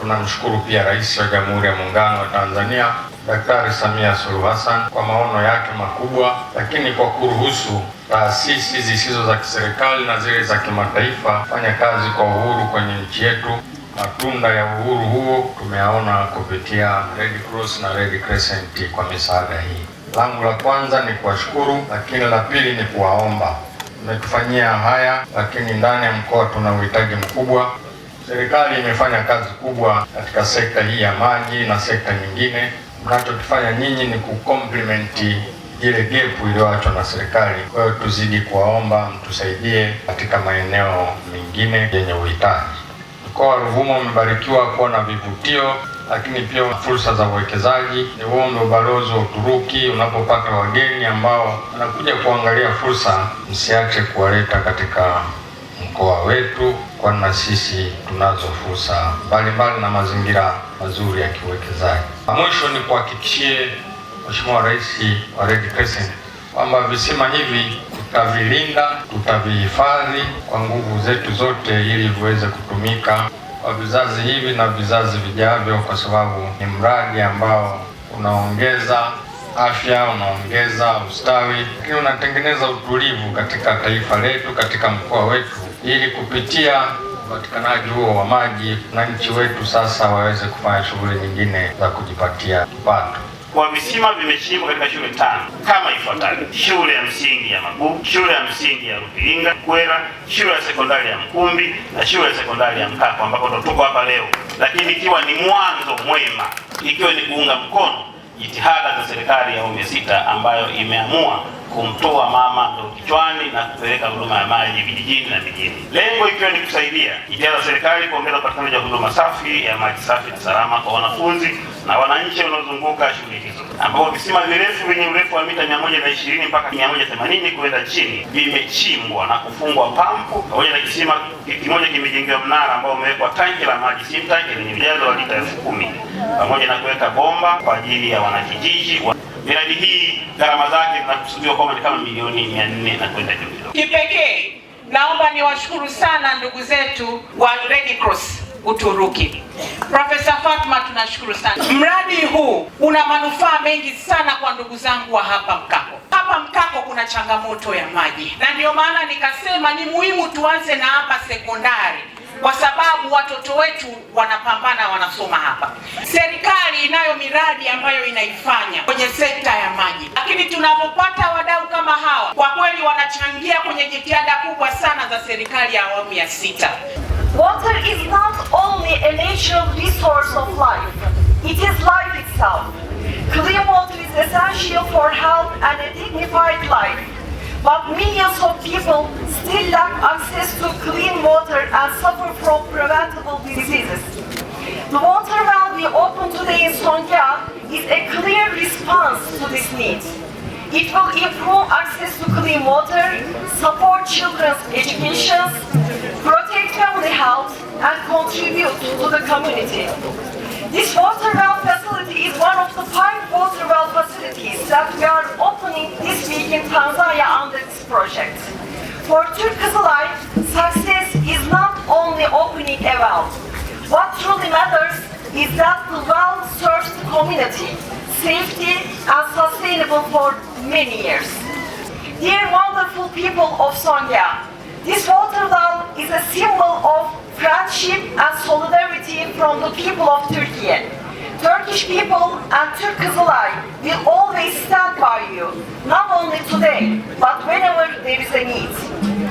Tunamshukuru pia Rais wa Jamhuri ya Muungano wa Tanzania Daktari Samia Suluhu Hassan kwa maono yake makubwa, lakini kwa kuruhusu taasisi ah, zisizo za kiserikali na zile za kimataifa kufanya kazi kwa uhuru kwenye nchi yetu. Matunda ya uhuru huo tumeyaona kupitia Red Cross na Red Crescent kwa misaada hii. Langu la kwanza ni kuwashukuru, lakini la pili ni kuwaomba. Mmetufanyia haya, lakini ndani ya mkoa tuna uhitaji mkubwa Serikali imefanya kazi kubwa katika sekta hii ya maji na sekta nyingine. Mnachokifanya nyinyi ni kukomplimenti ile gepu iliyoachwa na serikali. Kwa hiyo tuzidi kuwaomba mtusaidie katika maeneo mengine yenye uhitaji. Mkoa wa Ruvuma umebarikiwa kuwa na vivutio lakini pia fursa za uwekezaji. Ni uombe ubalozi wa Uturuki unapopata wageni ambao wanakuja kuangalia fursa, msiache kuwaleta katika mkoa wetu, kwani na sisi tunazo fursa mbalimbali na mazingira mazuri ya kiwekezaji. Mwisho ni kuhakikishie Mheshimiwa Rais wa Red Crescent kwamba visima hivi tutavilinda, tutavihifadhi kwa nguvu zetu zote, ili viweze kutumika kwa vizazi hivi na vizazi vijavyo, kwa sababu ni mradi ambao unaongeza afya, unaongeza ustawi, lakini unatengeneza utulivu katika taifa letu, katika mkoa wetu ili kupitia upatikanaji huo wa maji wananchi wetu sasa waweze kufanya shughuli nyingine za kujipatia kipato. Kwa visima vimechimbwa katika shule tano kama ifuatavyo: shule ya msingi ya Magugu, shule ya msingi ya Rupiringa Kwera, shule ya sekondari ya Mkumbi na shule ya sekondari ya mkapo ambapo ndo tuko hapa leo, lakini ikiwa ni mwanzo mwema, ikiwa ni kuunga mkono jitihada za serikali ya awamu ya sita ambayo imeamua kumtoa mama ndo kichwani na kupeleka huduma ya maji vijijini na mijini, lengo ikiwa ni kusaidia idara ya serikali kuongeza upatikanaji wa huduma safi ya maji safi na salama kwa wanafunzi na wananchi wanaozunguka shule hizo, ambapo visima virefu vyenye urefu wa mita 120 mpaka 180 kwenda chini vimechimbwa na kufungwa pampu, pamoja na kisima kimoja kimejengewa mnara ambao umewekwa tanki la maji SimTanki lenye ujazo wa lita elfu kumi pamoja na kuweka bomba kwa ajili ya wanakijiji wa miradi hii gharama zake zinakusudiwa kwamba ni kama milioni mia nne na kwenda juu Kipekee naomba niwashukuru sana ndugu zetu wa Red Cross Uturuki. Profesa Fatma, tunashukuru sana. Mradi huu una manufaa mengi sana kwa ndugu zangu wa hapa Mkako. Hapa Mkako kuna changamoto ya maji, na ndio maana nikasema ni muhimu tuanze na hapa sekondari, kwa sababu watoto wetu wanapambana, wanasoma hapa serikali serikali inayo miradi ambayo inaifanya kwenye sekta ya maji, lakini tunapopata wadau kama hawa, kwa kweli wanachangia kwenye jitihada kubwa sana za serikali ya awamu ya sita. Water is not only a natural resource of life, it is life itself. Clean water is essential for health and a dignified life. But millions of people still lack access to clean water and suffer from preventable diseases. The water Tonka is a clear response to this need. It will improve access to clean water, support children's education, protect family health, and contribute to the community. This water well facility is one of the five water well facilities that we are opening this week in Tanzania under this project. For Türk Life, success is not only opening a well. What truly matters is that the well serves the community, safety and sustainable for many years. Dear wonderful people of Songya, this water well is a symbol of friendship and solidarity from the people of Turkey. Turkish people and Türk Kızılay will always stand by you, not only today, but whenever there is a need.